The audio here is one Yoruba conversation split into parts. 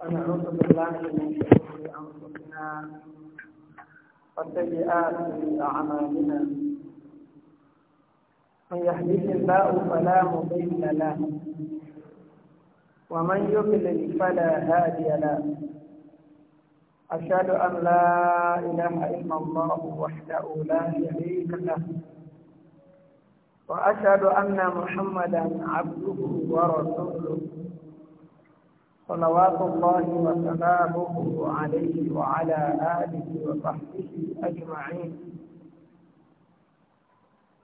ونعوذ بالله من شرور انفسنا وسيئات اعمالنا من يهديه الله فلا مضل له ومن يضلل فلا هادي له أشهد أن لا إله إلا الله وحده لا شريك له وأشهد أن محمدا عبده ورسوله صلوات الله وسلامه عليه وعلى آله وصحبه أجمعين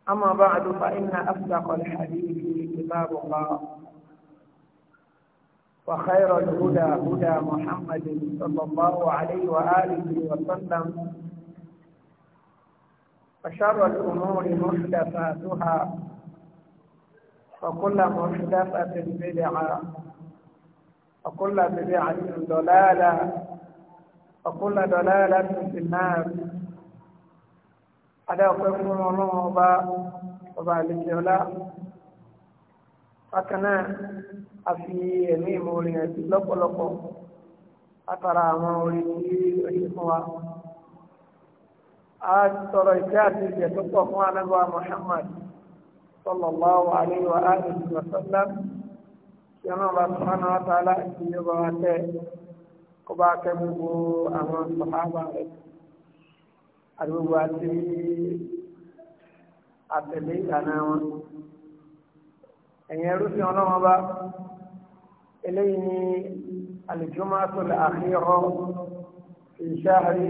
أما بعد فإن أصدق الحديث كتاب الله وخير الهدى هدى محمد صلى الله عليه وآله وسلم وشر الأمور محدثاتها وكل محدثة بدعة وكل بدعة ضلالة وكل ضلالة في النار هذا قسم الله وبارك له فكنا أفي يمين مولي لقلقه أترى مولي أشفوا a sọ̀rọ̀ ìfẹ́ àti ìjẹ́ tó pọ̀ fún anábọ̀ Muhammad sallallahu alayhi wa alihi wa sallam kí ọlọ́run bá subhanahu wa ta'ala ti yóò bá wa tẹ́ kó bá kẹ́ gbogbo àwọn sọ̀hábà rẹ̀ àdúgbò àti àtẹ̀lé ìlànà wọn. ẹ̀yìn ẹrú sí ọlọ́run bá eléyìí ní al-jum'atu al-akhira fi shahri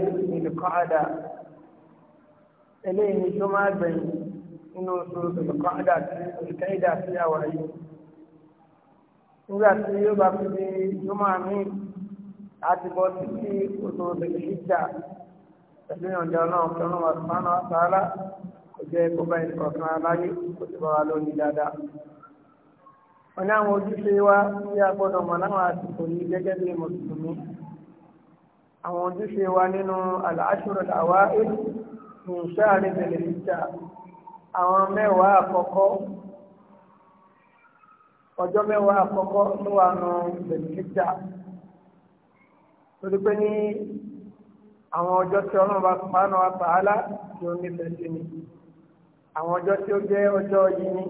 eléyìí ni jọmọ àgbẹ̀yìn nínú oṣù olùkọ́ńdà tí olùkẹ́yìdà sí àwà yìí nígbà tí yóò bá fi di jọmọ àmì àti bọ́ títí oṣù olùkẹ́yìdà pẹ̀lú ìyọ̀nda náà fẹ́ràn wà sánà sáárà kò jẹ́ kó bá ẹnì kọ̀ọ̀kan aláyé kó ti bá wa lónìí dáadáa. wọ́n ní àwọn ojúṣe wa tí a gbọ́dọ̀ mọ̀ láwọn àsìkò yìí gẹ́gẹ́ bí mùsùlùmí àwọn ojúṣe wa nínú al-ashru al nùsá àríbẹ̀lẹ̀ ìjà àwọn mẹ́wàá àkọ́kọ́ ọjọ́ mẹ́wàá àkọ́kọ́ ló wà nù bẹ̀lẹ̀ ìjà torí pé ní àwọn ọjọ́ tí ọlọ́run bá pàánù àpàálá tí ó ní bẹ̀lẹ̀ ni àwọn ọjọ́ tí ó jẹ́ ọjọ́ yìí ni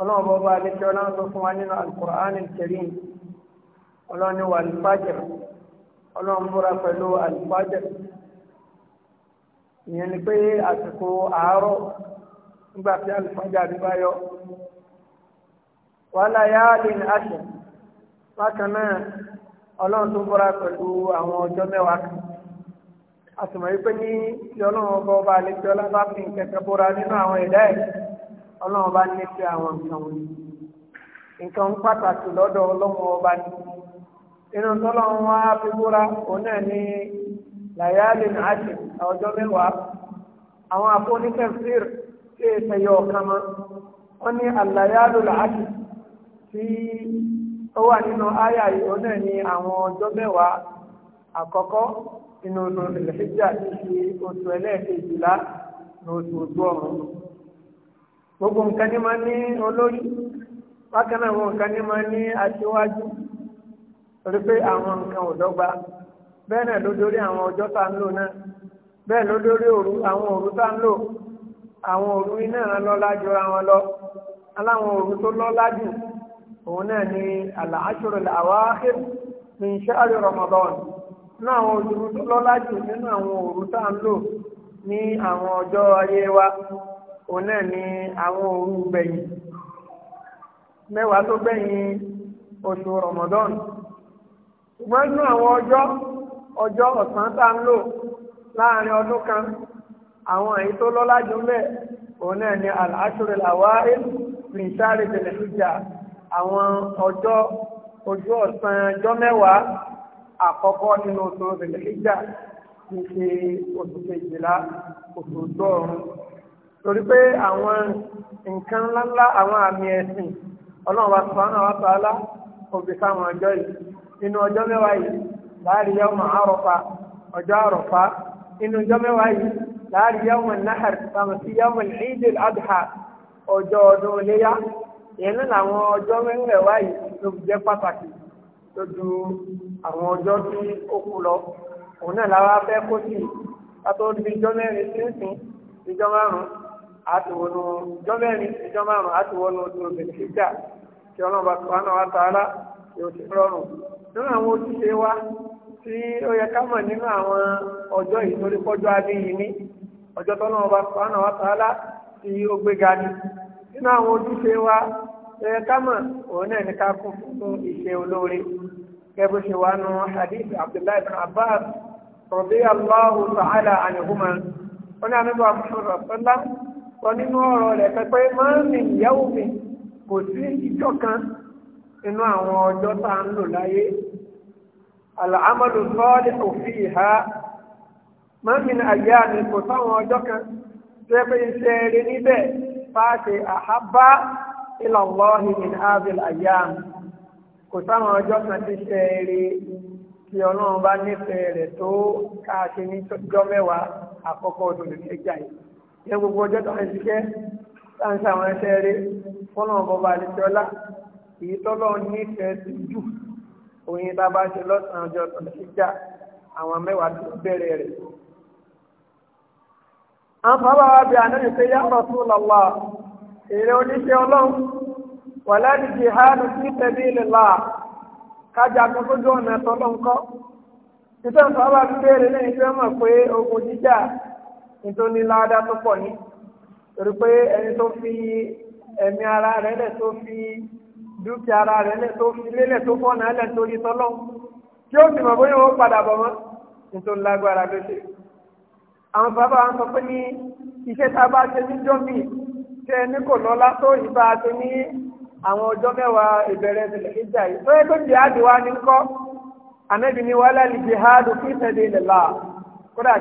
ọlọ́run bọ́ bá a lè ṣe ọlọ́run tó fún wa nínú alukur'an kẹrin ọlọ́run ni wà alifájẹ ọlọ́run múra pẹ̀lú alifájẹ. ìyẹn ni pé àsìkò àárọ̀ nígbà tí àlùfáàjà rí bá yọ wàhálà yáàlì ní àṣẹ bákan náà ọlọ́run tó bọ́ra pẹ̀lú àwọn ọjọ́ mẹ́wàá kan yìí pé ní tí ọlọ́run ọba ọba àlejò ọlọ́ba fi kẹ̀kẹ́ bọ́ra nínú àwọn ẹ̀dá ẹ̀ ọlọ́run ọba ní ti àwọn nǹkan nǹkan pàtàkì lọ́dọ̀ ọlọ́run làyáàlì nàájì ọjọ́ mẹ́wàá àwọn afọ́nifẹ́fẹ́r tí è tẹ̀yọ ọ̀kama wọ́n ní àlàyáàlù làájì tí ó wà nínú àyà ìhó náà ní àwọn ọjọ́ mẹ́wàá àkọ́kọ́ inú ìlẹ̀fíjà ti fi oṣù ẹlẹ́ẹ̀kejìlá ní oṣù ojú ọ̀run gbogbo nǹkan ní bẹ́ẹ̀ náà ló àwọn ọjọ́ tá ń lò náà bẹ́ẹ̀ lódórí àwọn òru tá ń lò àwọn òru iná ìran lọ́lá jọra wọn lọ aláwọn òru tó lọ́lá jù òun náà ni àlàáṣọrọ àwáhìr ní ṣáàrì Ramadan nínú àwọn òru tó lọ́lá jù nínú àwọn òru tá ń lò ní àwọn ọjọ́ ayé wa òun náà ni àwọn òru gbẹ̀yìn mẹ́wàá tó gbẹ̀yìn oṣù Ramadan ṣùgbọ́n nínú àwọn ọjọ́ ọjọ́ ọ̀sán tá ń lò láàrin ọdún kan àwọn èyí tó lọ́lá jù mẹ́ òun náà ni al-ashrul awa'il min shari dhil-hijja àwọn ọjọ́ ojú ọ̀sán ọjọ́ mẹ́wàá àkọ́kọ́ nínú oṣù dhil-hijja ti ṣe oṣù kejìlá oṣù tó ọ̀run torí pé àwọn nǹkan ńláńlá àwọn àmì ẹ̀sìn ọlọ́run wa sọ àwọn àwọn àtàlá òbí sáwọn ọjọ́ yìí nínú ọjọ́ mẹ́wàá yìí láàrin a àrọ̀fà ọjọ́ àrọ̀fà inú ọjọ́ mẹ́wàá yìí láàrin yawma nahar tàbí sí ìdìl adha ọjọ́ ọdún iléyà ya náà làwọn ọjọ́ mẹ́wàá yìí ló jẹ́ pàtàkì lójú àwọn ọjọ́ tí ó lọ òun náà làwọn kó sí mẹ́rin sí nsìn márùn àtiwọnú mẹ́rin márùn àtiwọnú kí tó wá náà tí ó yẹ ká mọ̀ nínú àwọn ọjọ́ yìí torí pọ́jọ́ abíyí ní ọjọ́ tọ́nà ọba sọ́nà wa tààlà tí ó gbéga ní nínú àwọn ojúṣe wa ó yẹ ká mọ̀ òun náà ní ká kún fún ìṣe olóore kẹ́bí ṣe wá nu hadith abdullahi bin abbas radiyallahu ta'ala anhuma ó ní àmì bá mọ̀ṣọ́rọ̀ sọ́lá sọ nínú ọ̀rọ̀ rẹ̀ pẹ́pẹ́ máa ń rìn ìyàwó mi kò sí ìjọ kan nínú àwọn ọjọ́ tá à ń lò láyé العمل الصالح فيها ما من أيام ni kò sáwọn ọjọ́ kan tó أحب إلى الله من هذه الأيام àhábá ìlànlọ́ọ̀hì min avil àyà kò sáwọn ọjọ́ kan ti ṣe eré tí ọlọ́run bá nífẹ̀ẹ́ rẹ̀ tó káàṣe ní jọ́ mẹ́wàá àkọ́kọ́ ọdún ìgbẹ́jà yìí yẹ gbogbo ọjọ́ tó ń ṣiṣẹ́ sáǹsà àwọn ẹṣẹ́ eré fọ́nà ọ̀bọ̀bà àdìsọ́lá èyí tọ́lọ́ nífẹ̀ẹ́ sí jù oyin tá a bá ṣe lọ́sàn-án ọjọ́ ìjà àwọn mẹ́wàá tó bẹ̀rẹ̀ rẹ̀. àwọn bàbá wa bí àná ìpè yá Rasulullah èrè oníṣẹ́ ọlọ́run wà láti jihadu fi sabilillah kájà tó fojú ọ̀nà ẹ̀tọ́ lọ́nkọ́. títẹ̀ bàbá mi bẹ̀rẹ̀ lẹ́yìn mọ̀ pé ogun jíjà nítorí ládàá tó pọ̀ ní torí pé ẹni tó fi ẹ̀mí ara rẹ̀ lẹ̀ tó fi dúkìá ara rẹ̀ lẹ̀ tó fi lélẹ̀ tó fọ́nà lẹ̀ torí tọ́lọ́ tí ó sì mọ̀ bóyá ó padà bọ̀ mọ́ nítorí lágbára ló ṣe. àwọn bàbá wa sọ pé ní iṣẹ́ tá a bá ṣe ní jọ́bì tẹ ní kò lọ́lá tó ìbá ṣe ní àwọn ọjọ́ mẹ́wàá ìbẹ̀rẹ̀ ìbílẹ̀ ìjà yìí tó yẹ kó jihad wa ní kọ́ ànábì ní wàhálà lè jihad fi sabilillah kódà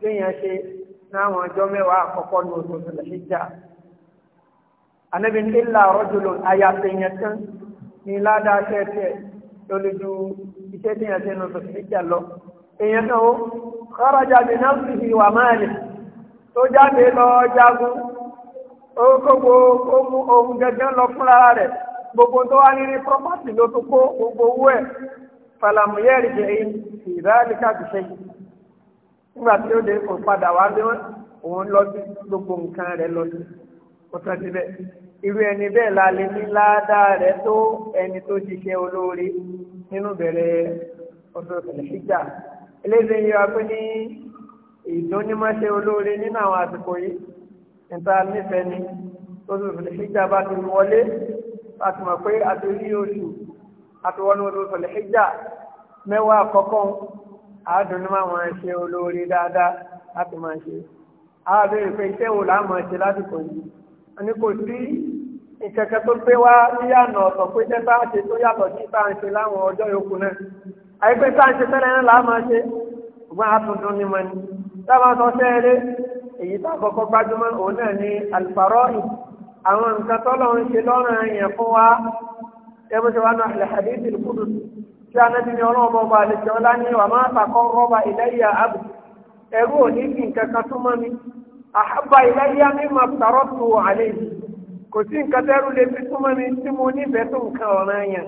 kéèyàn ṣe láwọn ọjọ́ mẹ́wàá àkọ́kọ́ ní oṣù tẹ̀lẹ́síjà anabi ní ilà rọ́jòló ayàtẹ̀yàn tán ní ládàá tẹ́tẹ́ lórí ju iṣẹ́ tí yẹn ṣe ní oṣù tẹ̀lẹ́síjà lọ èèyàn náà ó kharaja bi nafsihi wa malihi tó jáde lọ jagun ó gbogbo ohun gẹ́gẹ́ lọ fúnra rẹ̀ gbogbo tó wá nírí property ló tó kó gbogbo owó ẹ̀ falamu yẹ́rìí jẹ́ ìdálíkà bìṣẹ́yìí nígbà tí ó dé kò padà wá lé òun lọ sí gbogbo nǹkan rẹ̀ lọ sí kò tán síbẹ̀ irú ẹni bẹ́ẹ̀ la lè ní ládàá rẹ̀ tó ẹni tó ṣiṣẹ́ olóore nínú bẹ̀rẹ̀ ọdún ìṣíjà eléyìí yọ pé ní ìdónímọ̀ṣe olóore nínú àwọn àsìkò yìí níta nífẹ̀ẹ́ ni ọdún ìṣíjà bá ti wọlé láti mọ̀ pé àti orí oṣù àti wọnú ọdún ìṣíjà mẹ́wàá àkọ́kọ́ àádùn ní máa ṣe olóore dáadáa láti máa ṣe àbẹ̀rẹ̀ pé iṣẹ́ wo làá máa ṣe lásìkò yìí ẹni kò sí ìkẹ̀kẹ́ tó gbé wá níyànà ọ̀tọ̀ pé iṣẹ́ tá à ń ṣe tó yàtọ̀ sí tá à ń ṣe láwọn ọjọ́ yòókù náà àyípé tá à ń ṣe tẹ́lẹ̀ náà làá máa ṣe ṣùgbọ́n àtúndún ní mọ́ni táwọn sọ sẹ́ẹ̀rẹ́ èyí tá àkọ́kọ́ gbájúmọ́ òun náà ní alfarọ́ọ̀nì àwọn nǹkan tọ́lọ́ ń ṣe lọ́rùn yẹn fún wa ẹbí tí wọ́n náà lè hadith al-qudus tí anábì ní ọlọ́ọ̀bọ̀ ọba àlejò ọlá ní wà máa tàkọ́ rọ́bà ìlẹ́yà àbù ẹ̀rú òní fi nǹkan kan tó mọ́ mi àhábà ìlẹ́yà mímọ sàrọ́ tó àlẹ́ yìí kò sí nǹkan tẹ́rù lè fi túmọ̀ mi tí mo nífẹ̀ẹ́ tó nǹkan ọ̀ràn yẹn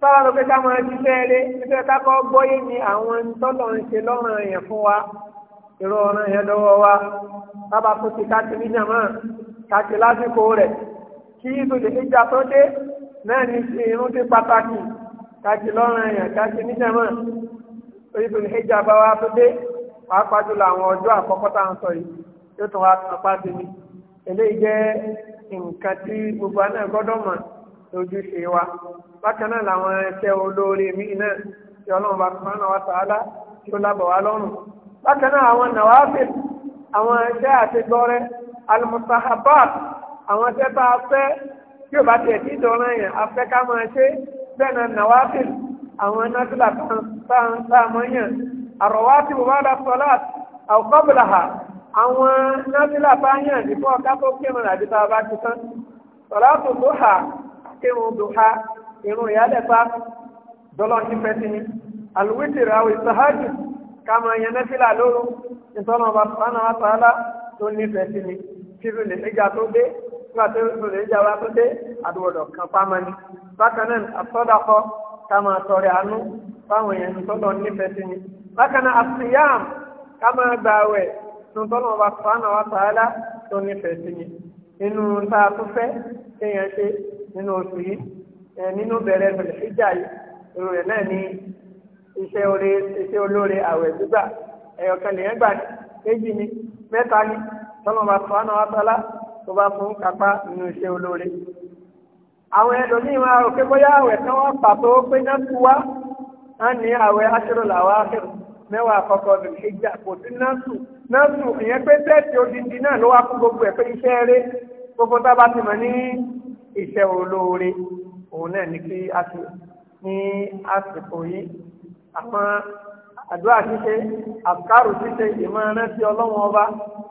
sára ló ká máa ni àwọn tọ́lọ̀ ń ṣe lọ́rùn wa ìrọ̀ ọ̀ràn yẹn lọ́wọ́ wa bábà ti lásìkò rẹ̀ kí ìdòdè tó dé náà ní irun ti káàkiri lọ́rùn ẹ̀yàn káàkiri níjàmọ́ orí tó ní ẹjà bá wa tó dé pàápàá jùlọ àwọn ọjọ́ àkọ́kọ́ tá à ń sọ yìí yóò tún wá apá sí mi eléyìí jẹ́ nǹkan tí gbogbo àná gbọ́dọ̀ mọ̀ lójúṣe wa bákan náà làwọn ẹsẹ̀ olóore mi náà tí ọlọ́run bá fún wa tààlà tí ó lábọ̀ wá lọ́rùn bákan náà àwọn nàwáfẹ́ àwọn ẹsẹ̀ àtẹgbọ́rẹ́ alimusahabat àwọn ẹsẹ̀ bá a fẹ́ tí ò bá tiẹ̀ tí ìdọ̀rọ̀ yẹn afẹ́ ká máa ṣe é bẹ́ẹ̀ náà nàwáfíl àwọn náfílà táàmọ́yàn àrọ̀wátí wọ́n bá sọ́lá àkọ́bùlàhà àwọn náfílà táàyàn nípa ọ̀ká tó kírun àti tá a bá ti tán sọ́lá tó tó hà kírun tó ha irun ìyálẹ̀ta dọ́lọ́ ní fẹ́tí ni alùwítìrì àwọn ìsàhájì káàmọ́ yẹn náfílà lóru ìtọ́nà ọba sọ́nà wa sọ́lá tó ní fẹ́tí ni kí adúgbòdò kan pamani bákan náà asọdakọ ká máa tọrẹ àánú fáwọn èèyàn tọlọ nífẹ̀ẹ́ sí ni bákan náà asiyam ká máa gbààwẹ̀ tuntun ọba fana wa tààlà tó nífẹ̀ẹ́ sí ni nínú tá a tún fẹ́ kéèyàn ṣe nínú oṣù yìí nínú bẹ̀rẹ̀ bẹ̀rẹ̀ ìjà yìí èrò rẹ̀ náà ní iṣẹ́ oore iṣẹ́ olóore àwẹ̀ gbígbà ẹ̀yọ̀kan lèyàn gbà ní méjì ni mẹ́ta ni tọ́lọ́mọba fana wa tààlà tó bá fún kápá nínú iṣẹ́ olóore àwọn ẹlòmíì máa rò pé bóyá àwẹ̀ tí wọ́n pàtó pé náà tú wá á ní àwẹ̀ aṣọ́rò làwọn aṣọ́rò mẹ́wàá àkọ́kọ́ ọdún ìjà kò sí násù násù ìyẹn pé tẹ́ẹ̀tì odindi náà ló wá fún gbogbo ẹ̀ pé iṣẹ́ eré gbogbo tá a bá ti mọ̀ ní iṣẹ́ olóore òun náà ní kí a ti ní àsìkò yìí àwọn àdúrà ṣíṣe àkàrò ṣíṣe ìmọ̀ ẹran ti ọlọ́wọ́n ọba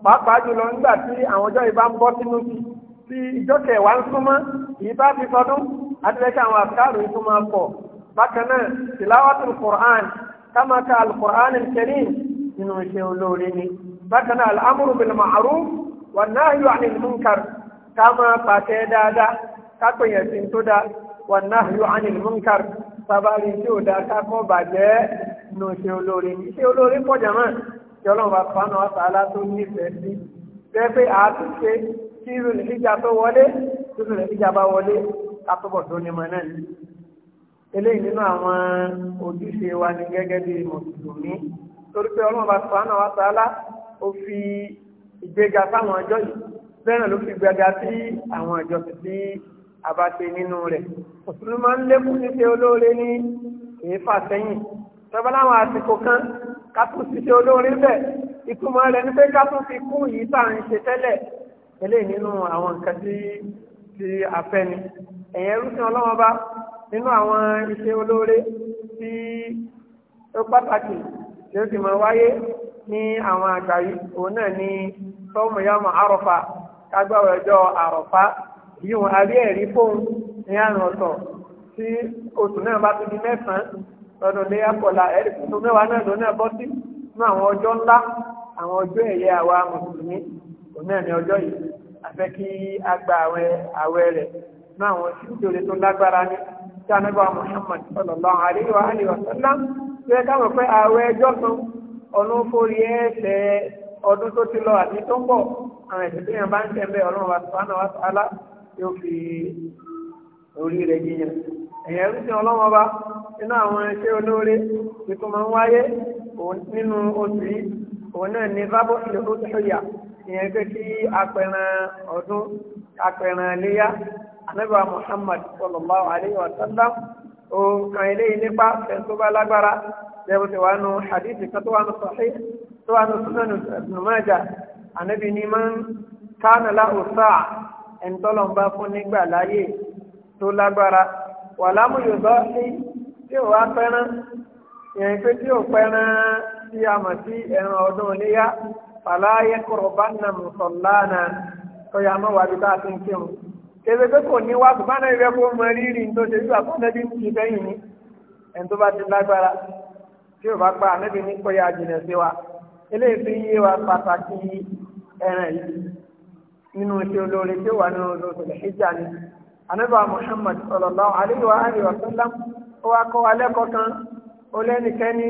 pàápàá jùlọ nígbà tí àwọn ọjọ́ ìbá ti ìjọkẹ̀ wá ń súnmọ́ èyí bá fi sọdún adìrẹ́kẹ́ àwọn àfikáàrù yìí tún pọ̀ bákan náà tìláwàtú qur'an kama ka al-qur'an al-karim nínú iṣẹ́ olóore ni bákan náà al-amru bil ma'ruf wan nahyu 'anil munkar ká máa pàṣẹ dáadáa ká pèyàn sí tó dáa wan nahyu 'anil munkar sábàárì tí ò dáa ká kọ́ bàjẹ́ nínú iṣẹ́ olóore ni iṣẹ́ olóore pọ̀ jàmọ́ tí ọlọ́run bá fanu àtàlá tó nífẹ̀ẹ́ sí bẹ́ẹ̀ pé àtúnṣe tí Dhul Hijja tó wọlé tí Dhul Hijja bá wọlé ká túbọ̀ tó ní mọ náà ní. eléyìí nínú àwọn ojúṣe wa ni gẹ́gẹ́ bí mùsùlùmí torí pé ọlọ́run bá Subhanahu wa Ta'ala ó fi ìgbéga fáwọn ọjọ́ yìí bẹ́ẹ̀ ló fi gbéga sí àwọn ìjọsìn tí a bá ṣe nínú rẹ̀ mùsùlùmí máa ń lékún ṣíṣe olóore ní kìí sẹ́yìn tọ́ba láwọn àsìkò kan ká tún ṣiṣẹ́ olóore bẹ́ẹ̀ ìtumọ̀ rẹ̀ ni pé ká tún fi kún yìí tá à ń ṣe tẹ́lẹ̀ eléyìí nínú àwọn nǹkan tí tí a fẹ́ ni ẹ̀yẹn rúṣin ọlọ́wọ́n bá nínú àwọn iṣẹ́ olóore tí ó pàtàkì tí ó sì máa wáyé ní àwọn àgbà yìí òun náà ni sọ́ọ̀mù yàmù àròfà kágbáwọ̀ ọjọ́ àròfà yíwọ̀n àrí ẹ̀rí fóun ní àrùn ọ̀tọ̀ tí oṣù náà bá tún di mẹ́sàn-án lọ́dún lé àpọ̀lá ẹ̀rí fún mẹ́wàá náà lónà bọ́sí nínú àwọn ọjọ́ ńlá àwọn ọjọ́ ẹ̀yẹ àwa mùsùlùmí òun náà ní ọjọ́ yìí afẹ́ kí a gba àwẹ̀ àwẹ̀ rẹ̀ ní àwọn tíjòrè tó lágbára ní tí Muhammad sallallahu alaihi wa alihi wa sallam tó yẹ káwọn pé àwẹ̀ ẹjọ́ kan ọ̀nà forí ẹ̀ṣẹ̀ ọdún tó ti lọ àti tó ń bọ̀ àwọn ẹ̀ṣẹ̀ tó yẹn bá ń tẹ̀ bẹ́ẹ̀ ọlọ́run wa subhanahu wa ta'ala yóò fi orí rẹ̀ yíyan ẹ̀yẹ ń sin ọlọ́wọ́ bá nínú àwọn iṣẹ́ olóore tuntun máa ń wáyé nínú oṣù yìí òun náà ní bábọ̀ ìlú tó yà ìyẹn pé kí apẹran ọdún apẹran léyà anábà Muhammad sallallahu alayhi wa sallam ó kan eléyìí nípa fẹ̀sọ́ bá lágbára bẹ́ẹ̀ tí wàá nu hadithi kan tó wà nu sahih tó wà nu sunan ibn Majah anábì ní máa ń kánà láhùsá ẹni tọ́lọ̀ ń bá fún nígbà láyè tó lágbára wà lámú yorùbá sí tí ò wá pẹ́rán ìyẹn pé tí ò pẹ́rán tí a mọ̀ sí ẹran ọdún léyà fàlàyé kọ̀rọ̀bánà mùsọ̀lánà tọ́yà mọ́ wà bí bá a ti ń kírun. Kébé pé kò ní wá ṣùgbọ́n ẹ̀rẹ́ kó mọ rírì tó ṣe wíwà fún ẹbí ti fẹ́yìn ní ẹni tó bá ti lágbára tí ò bá pa ànábì ní kọ́yà jìnà sí wa. Eléyìí fi yé wa pàtàkì ẹran yìí nínú iṣẹ́ olóore tí ó wà nínú lóṣù lẹ́hìjà ni. Ànábì Muhammad sallallahu alaihi wa alihi wa sallam ó wá kọ́ wa lẹ́kọ̀ọ́ kan ó lẹ́nikẹ́ni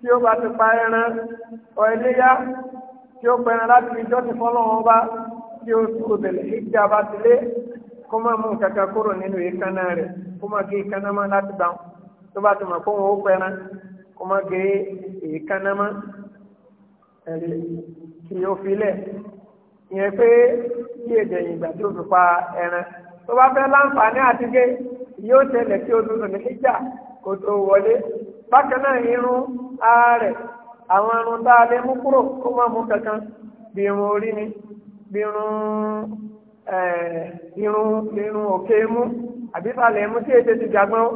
tí ó bá ti pa ẹran ọ̀ tí ó pẹ̀rẹ̀ láti fi jọ́sìn wọn bá tí ó tó tẹ̀lé ìjà bá ti lé kó má mú kankan kúrò nínú èékánná rẹ̀ kó má gé èékánná láti bá tó bá ti mọ̀ kó wọn ó pẹ̀rẹ̀ kó má gé èékánná kí ó filẹ̀ ìyẹn pé kí èdè ìgbà tó fi pa ẹran tó bá fẹ́ láǹfààní àti gé yóò tẹ̀lé kí àwọn irun tá a lè mú kúrò kó má mú kankan bí irun orí ni bí irun irun irun òkè mú àbí falẹ̀ mú tí ètò ti jagbọ́n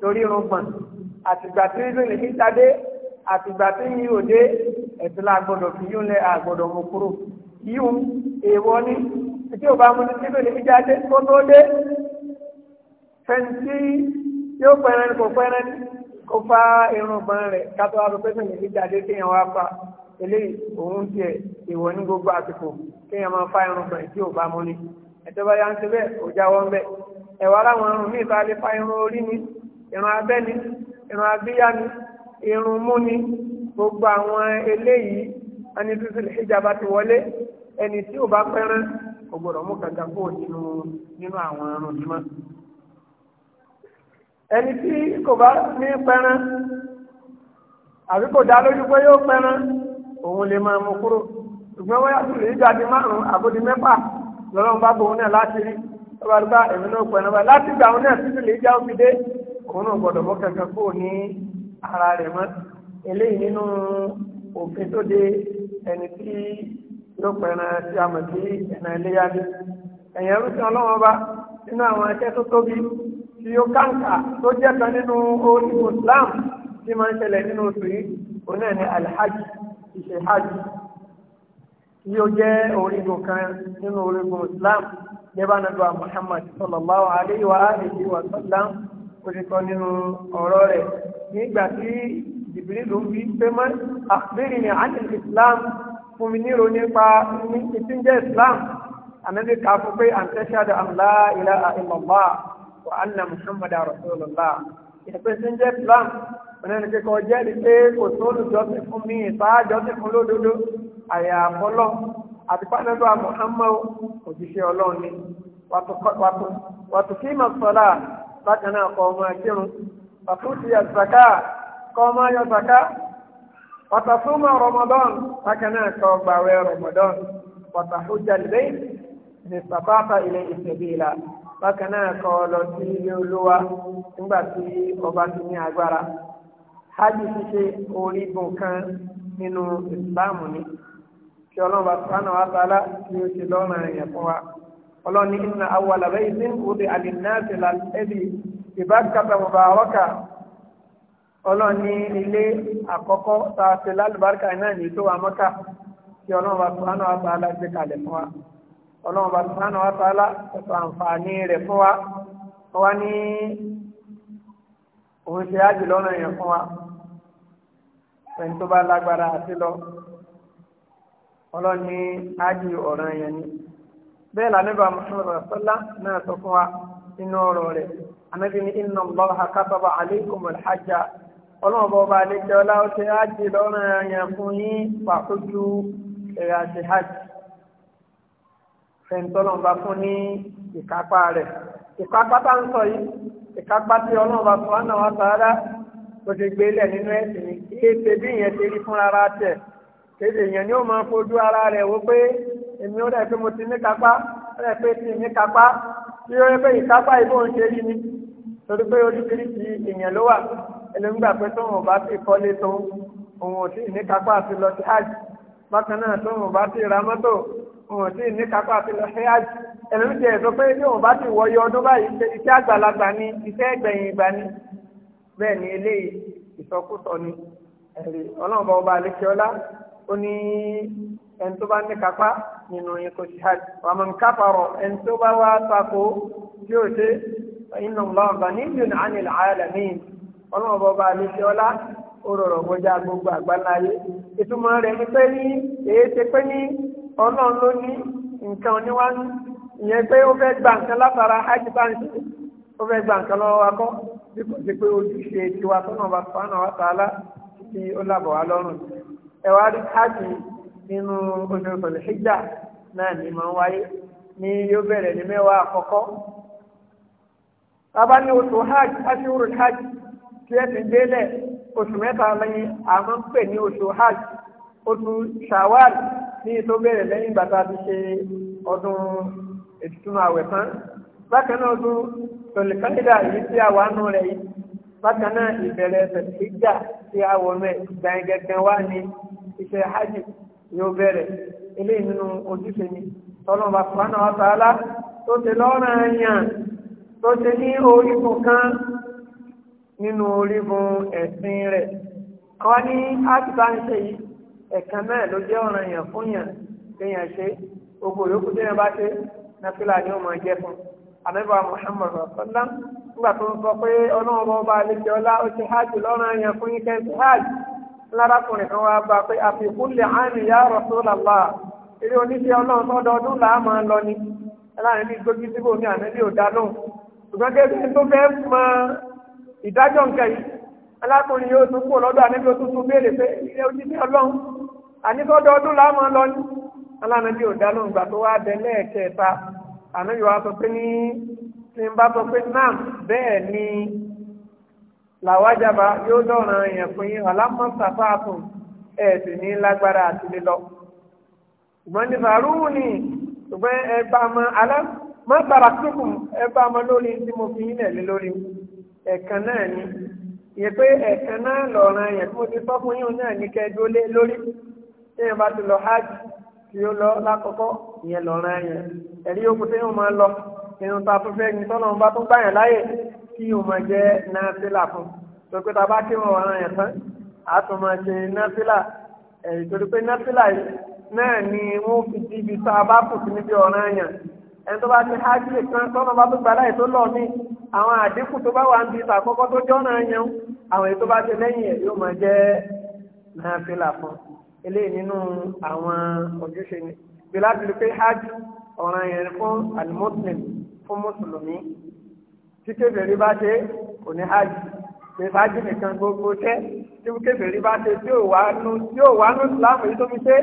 torí irun gbọ̀n àtìgbà tí lónìí kíta dé àtìgbà tí yìí ò dé ẹ̀sìn la gbọ́dọ̀ fi yún lẹ àgbọ̀dọ̀ mú kúrò yíyún èèwọ̀ ni tí ò bá mú ní síbẹ̀ níbi jáde kó tó dé fẹ́ǹtì yóò pẹ́ran kò pẹ́ran ni ó fá irùngbọ̀n rẹ̀ kátó wá pé sẹ́yìn ní jáde kéèyàn wá pa eléyìí òun tiẹ̀ ìwọ ní gbogbo àsìkò kéèyàn máa fá irùngbọ̀n tí ò bá mú ni ẹ̀tọ́ bá yá ń ṣe bẹ́ẹ̀ ò jáwọ́ ń bẹ́ẹ̀ ẹ̀wà láwọn irun míì tá a lè fa irun orí ni irun abẹ́ ni irun abíyá ni irun mú ni gbogbo àwọn eléyìí ẹni tó tilẹ̀ ìjàmbá ti wọlé ẹni tí ò bá pẹ́rẹ́ kò mú kankan ẹni tí kò bá ní pẹran àbí kò dá lójú pé yóò pẹran òun lè máa mú kúrò ṣùgbọ́n wọ́n yàtọ̀ lè jáde márùn-ún àbódi mẹ́fà lọ́lọ́run bá bòun náà láti rí tọ́ba ló bá ah, èmi náà pẹran báyìí láti gbà òun náà títí lè já òbí dé òun náà gbọ́dọ̀ bọ́ kankan kó ní ara rẹ̀ mọ́ eléyìí nínú òfin tó de ẹni tí yóò pẹran tí a mọ̀ sí ẹ̀nà iléyàdé ẹ̀yẹ́rú sí ọlọ́wọ́n bá nínú àwọn akẹ́ tó tóbi tí ó káńkà tó jẹ́ kan nínú orí Islam tí máa ń ṣẹlẹ̀ nínú oṣù yìí òun náà ni alhaj ìṣe hajj tí ó jẹ́ orígun kan nínú orígun Islam gẹ́gẹ́ nàgbà Muhammad sallallahu alayhi wa alihi wa sallam ó ti kọ́ nínú ọ̀rọ̀ rẹ̀ nígbà tí Jibril ló ń fi pé mọ́ àkùbẹ́rì ní àti Islam fún mi níro nípa ní ìtúnjẹ́ Islam ànábì kà fún pé àǹtẹ́ṣáda àmàlà ilaha illallah wà á nà muhammadu rasulullah ìpèsè jẹ́ islam onínú kíkọ jẹ́rìí pé kò tó olùjọ́sìn fún mi ìfàájọ́sìn fún lódodo àyà àfọlọ́ àti pàdánù muhammadu òjíṣẹ́ ọlọ́run ni wàtúkí màsọ́lá bákan náà kọ́ ọmọ akírun wàtúkí àzàká kọ́ ọmọ ayọ̀zàká wàtàsúmọ̀ rọmọdọ́n bákan náà kọ́ gbàwẹ̀ rọmọdọ́n wàtàhújà lẹ́yìn ní sàbáta ilé ìṣẹ̀bí ìlà bákan náà kọ́ ọ lọ sí ilé olówá nígbà tí ọba ti ní agbára hajj ṣíṣe orígun kan nínú ìsìláàmù ni kí ọlọ́run bá sọ́nà wá sálá tí ó ṣe lọ́rùn ẹ̀yẹ̀ fún wa ọlọ́run ní inna awwala baytin wudi'a lin-nasi lalladhi bi Bakkata mubaraka ọlọ́run ní ilé àkọ́kọ́ tá a ṣe lálùbáríkà náà ní tó wà Mọ́kà kí ọlọ́run bá sọ́nà wá sálá gbé kalẹ̀ fún wa ọlọ́run bá sánà wá sálá ẹ̀fọ́ àǹfààní rẹ̀ fún wa wá ní òun ṣe ájì lọ́nà yẹn fún wa ẹni tó bá lágbára àti lọ ọlọ́ni ájì ọ̀ràn yẹn ni bẹ́ẹ̀ lànàbà mùsùlùmí sọ́lá náà sọ fún wa nínú ọ̀rọ̀ rẹ̀ ànábi ní inna Allaha kataba alaykum al-hajj ọlọ́run bọ́ bá lè jẹ́ ọlá ó ṣe ájì lọ́nà yẹn fún yín pàkójú ẹ̀rọ àti hajj fẹ̀ntọ́lọ́n bá fún ní ìkápá rẹ̀ ìkápá tá ń sọ yìí ìkápá tí ọlọ́run bá fún àná wa sáárá tó ti gbé lẹ̀ nínú ẹ̀sìn ní kí ètè bí ìyẹn ti rí fún ara tẹ̀ kéde èèyàn ni ó máa fojú ara rẹ̀ wò pé èmi ó rẹ̀ pé mo ti ní kápá rẹ̀ pé ti ní kápá tí ó rẹ̀ pé ìkápá ìbò ń ṣe yìí ni torí pé oríṣiríṣi èèyàn ló wà ẹlẹ́gbà pé tóun bá ti kọ́lé tóun òun ò sì ní kápá àti lọ sí hajj bákan náà tóun bá ti ra mọ́tò wọn sì ní kápá àti lọ ṣe àjù ẹlòmíì ti ẹ̀sọ́ pé bí wọn wọ yọ ọdún báyìí iṣẹ́ àgbàlagbà ni iṣẹ́ ẹgbẹ̀yìn ìgbà ni bẹ́ẹ̀ ni eléyìí ìsọkúsọ ni ẹ̀rí ọlọ́run bá ọba àlékiọlá ó ní ẹni tó bá ní kápá nínú yẹn kò sí àjù wàmọ̀ nkápárọ̀ ẹni tó bá wá tí ó ṣe ní gbogbo ìtumọ̀ rẹ̀ ní ọlọ́run ló ní nǹkan ní ìyẹn pé ó fẹ́ gba nǹkan látara hajj báńkì ó fẹ́ gba nǹkan lọ́wọ́ wa bí kò sí pé tiwa tọ́nà wa fàánà wa tààlà tí ó làbọ̀ wá lọ́rùn ẹ̀wá rí hajj nínú oṣooṣù hijja náà ní máa ń wáyé ní yóò bẹ̀rẹ̀ ní mẹ́wàá àkọ́kọ́ bàbá ní oṣù hajj hajj tí ẹ ti oṣù mẹ́ta lẹ́yìn àmọ́ pè ní hajj oṣù ní tó bẹ̀rẹ̀ lẹ́yìn bàtà ti ṣe ọdún ìtùtùnú àwẹ̀ tán bákan náà ọdún tòlìkánidà yìí tí a wà nù rẹ̀ yìí bákan náà ìbẹ̀rẹ̀ tòlìkánidà tí a wọ̀ mẹ́ gbàngẹ̀gẹ̀ wá ní iṣẹ́ hajj yóò bẹ̀rẹ̀ eléyìí nínú ojúṣe ni tọ́lọ́mà fúnà wa tààlà tó ti lọ́rùn àyàn tó ti ní orígun kan nínú orígun ẹ̀sìn rẹ̀ wọ́n ní àtìbáńṣe ẹ̀kan náà ló jẹ́ ọ̀ràn yàn fún yàn kéèyàn ṣe gbogbo yòókù téèyàn bá ṣe náfìlà ni ó máa jẹ́ fún àmẹ́bà Muhammad ọ̀sánlá nígbà tó ń sọ pé ọlọ́run bá ọba àlejò ọlá ó ti hajj lọ́ràn yàn fún yín kẹ́ńtì hajj lárakùnrin kan wá bá pé àfikún lè hàn ya Rasulullah eré oníṣẹ́ ọlọ́run tọ́dọọdún là á máa lọ ni láàrin bí gbógi síbò ní ànábì òdá náà ṣùgbọ́n kébí tó fẹ́ mọ ìdájọ́ nǹkan yìí alákùnrin yóò tún kó lọ́dọ̀ ànábì ó tún tún béèrè pé ilé oníṣẹ́ ọlọ́run àníkọ́dọọdún láàmú lọ ní alánàbí ò dáná ìgbà tó wá bẹ lẹ́ẹ̀kẹta ànábì wa sọ pé ní tí n bá sọ pé náà bẹ́ẹ̀ ni làwájàba yóò dọ̀ràn yẹn fún yín ọ̀làmọ́ sàfáàfù ẹ̀ sì ní lágbára àti lílọ. ìgbọ́n ní fàrúù ni ṣùgbọ́n ẹ bá mọ alẹ́ mọ́ sàràkùkù ẹ bá mọ lórí tí mo fi yín lẹ̀ lórí ẹ̀kan náà ni ìyẹn pé ẹ̀kan náà lọ̀ràn yẹn tí mo sọ fún yín náà ní kẹjọ lé lórí téèyàn bá ti lọ hajj tí ó lọ lákọ̀ọ́kọ́ ìyẹn lọ ran yẹn ẹ̀rí okùn téèyàn máa lọ inú ta tó fẹ́ ní tọ́lọ́run bá tún báyàn láyè kí yóò máa jẹ́ náfìlà fún tó pé ta bá kí wọn ọ̀ràn yẹn tán a tún máa ṣe náfìlà ẹ̀rí torí pé náfìlà yìí náà ni wọ́n fi di ibi tá a bá kù sí níbi ọ̀ràn yẹn ẹni tó bá ti hajj kan tọ́lọ́run bá tún gbà láyè tó lọ mí àwọn àdínkù tó bá wà ń ìtàkọ́kọ́ tó jọ́ràn yẹn àwọn èyí tó bá ti lẹ́yìn ẹ̀ yóò máa jẹ́ náfìlà fún un eléyìí nínú àwọn ojúṣe ni bílá bílú pé hajj ọ̀ràn yẹn fún alimuslim fún mùsùlùmí tí kébèrè bá ṣe kò ní hajj pé hajj nìkan gbogbo tẹ́ tí kébèrè bá ṣe tí ò wá nù láàmú yìí tó fi ṣe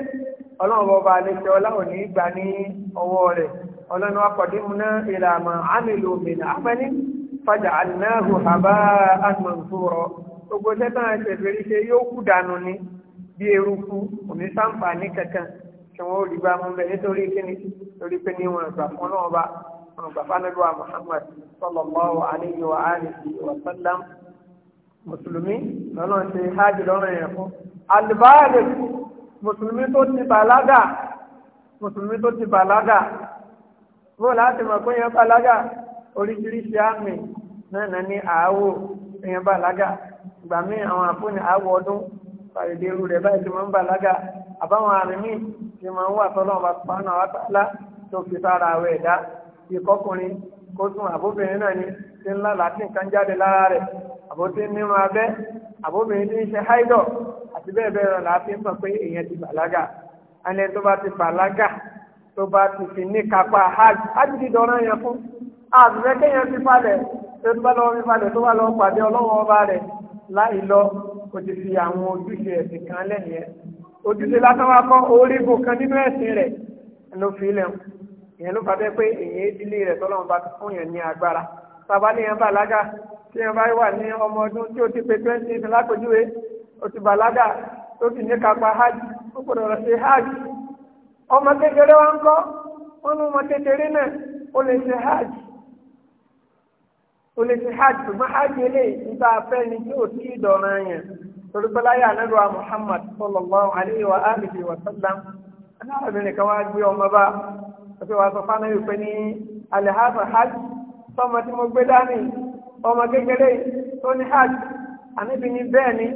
ọlọ́run ọba àlejò ọláwọ̀ ní gbà ní ọwọ́ rẹ̀ ọlọ́run akọ̀dínmúná ìlànà àmìlò mìnà àmẹ́ni fàjà àdínáhù àbá àtúnṣúrọ̀ gbogbo tẹ́tàn ẹ̀ṣẹ̀ fèrè yóò kú dànù ni bí eruku òní sáǹfààní kankan tí wọn ò rí bá mú bẹ nítorí kíni torí pé ní wọn gbà fún náà bá wọn gbà fánàlú wa Muhammad sallallahu alayhi wa alihi wa sallam mùsùlùmí lọ́nà ṣe hajj lọ́nà yẹn fún alibáàlè mùsùlùmí tó ti bàlágà mùsùlùmí tó ti bàlágà bó láti mọ̀ pé yẹn bàlágà oríṣiríṣi àmì náà ní àáwò yẹn bàlágà ìgbà àwọn àpò ní àáwò ọdún pàdé irú rẹ̀ báyìí tí wọ́n ń bàlágà àbáwọn àrùn tí wọ́n ń wà tọ́lọ́wọ́n bá pàánà wá tààlà tó fi ìkọkùnrin kó tún àbóbìnrin náà ni tí ń lálàá tí nǹkan jáde lára rẹ̀ àbótí nínú abẹ́ àbóbìnrin tí ń ṣe háìdọ̀ àti bẹ́ẹ̀ bẹ́ẹ̀ rẹ̀ láti sọ pé èèyàn fi ní kápá hajj hajj ti dọ̀rọ̀ yẹn fún fi falẹ̀ tó bá lọ́wọ́ fi falẹ̀ tó bá lọ́wọ́ pàdé ọlọ́wọ́ kò ti fi àwọn ojúṣe ẹ̀sìn kan le ẹ̀ ojúṣe lásán wá kọ́ kan nínú ẹ̀sìn rẹ̀ ló fi lẹ́hùn ìyẹn ló fà pé èyí ìdílé rẹ̀ tọ́lọ́run bá ti fún yẹn ní agbára bàbá ní yẹn bàlágà tí yẹn bá wà ní ọmọ ọdún tí ti pe twenty eight ti ti ní kápá hajj ó gbọdọ̀ lọ sí hajj ọmọ kékeré wa ń kọ́ wọn ní ọmọ kékeré náà ó hajj o lè fi hajj ṣùgbọ́n hajj eléyìí nígbà fẹ́ ni tí ò tí ì dọ̀ràn yẹn torí pé láyé ànágbà Muhammad sallallahu alayhi wa alihi wa sallam aláàbìnrin kan wá gbé ọmọ bá ọsẹ wa sọ fáná yìí pé ní alihasa hajj sọmọ tí mo gbé dání ọmọ kékeré tó ní hajj àníbi ní bẹ́ẹ̀ ni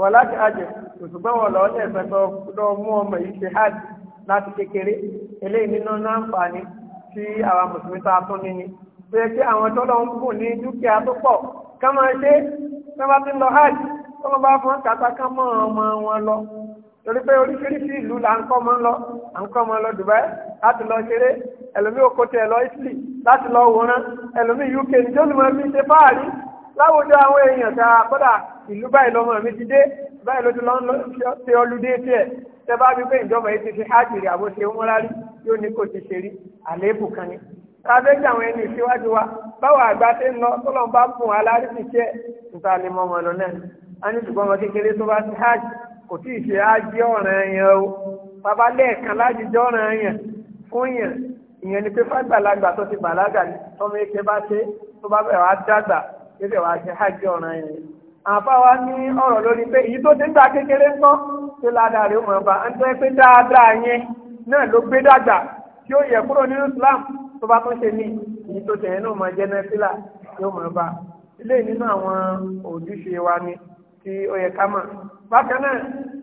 wà láti hajj òṣùgbọ́n wọn lọ ní ẹ̀sẹ̀ lọ mú ọmọ yìí ṣe hajj láti kékeré eléyìí nínú náà ń fà ní tí àwa mùsùlùmí tá a tún ní ni bẹ́ẹ̀ kí àwọn tọ́lọ́ ń kù ní dúkìá tó pọ̀ ká máa ṣe tí wọ́n bá ti lọ hajj tí wọ́n bá fún kàtà ká mọ́ ọmọ wọn lọ torí pé oríṣiríṣi ìlú là ń kọ́ mọ́ lọ à ń kọ́ mọ́ lọ Dubai láti lọ ṣeré ẹlòmí okote lọ Italy láti lọ wòran ẹlòmí UK ní tó lùmọ̀ fi ṣe fáàrí láwùjọ àwọn èèyàn tá a kọ́dà ìlú báyìí lọ́mọ mi ti dé báyìí ló ti lọ́ ṣe ọlúdé tiẹ̀ tẹ bá bí pé ìjọba yìí ti fi hajj rí àbóṣe ń múra rí yóò ní kò ti ṣe rí àléébù kan ni kábẹ́jì àwọn ẹni ìṣíwájú wa báwo àgbà ṣe ń lọ tọ́lọ̀ bá fún aláríṣi iṣẹ́ níta ni mo mọ̀ lọ náà a ní ṣùgbọ́n ọmọ kékeré tó bá ti hajj kò tí ì ṣe hajj ọ̀ràn yẹn o bàbá lẹ́ẹ̀kan láti jẹ́ ọ̀ràn yẹn fún yẹn ìyẹn ni pé fàgbàlagbà tó ti bàlágà ni tọ́mọ eke bá ṣe tó bá bẹ̀rẹ̀ wá dàgbà lébẹ̀ wá ṣe hajj ọ̀ràn yẹn àfáwa ní ọ̀rọ̀ lórí pé èyí tó ti ń ta kékeré ń kọ́ tó ládàá rẹ̀ ń tẹ́ pé dáadáa yẹn náà ló gbé dàgbà tí ó yẹ kúrò nínú Islam tó bá tún ṣe ní èyí tó ṣe yẹn náà máa jẹ́ nẹ́fílà yóò máa bá ilé nínú àwọn ojúṣe wa ni tí ó yẹ ká mọ̀ bákan náà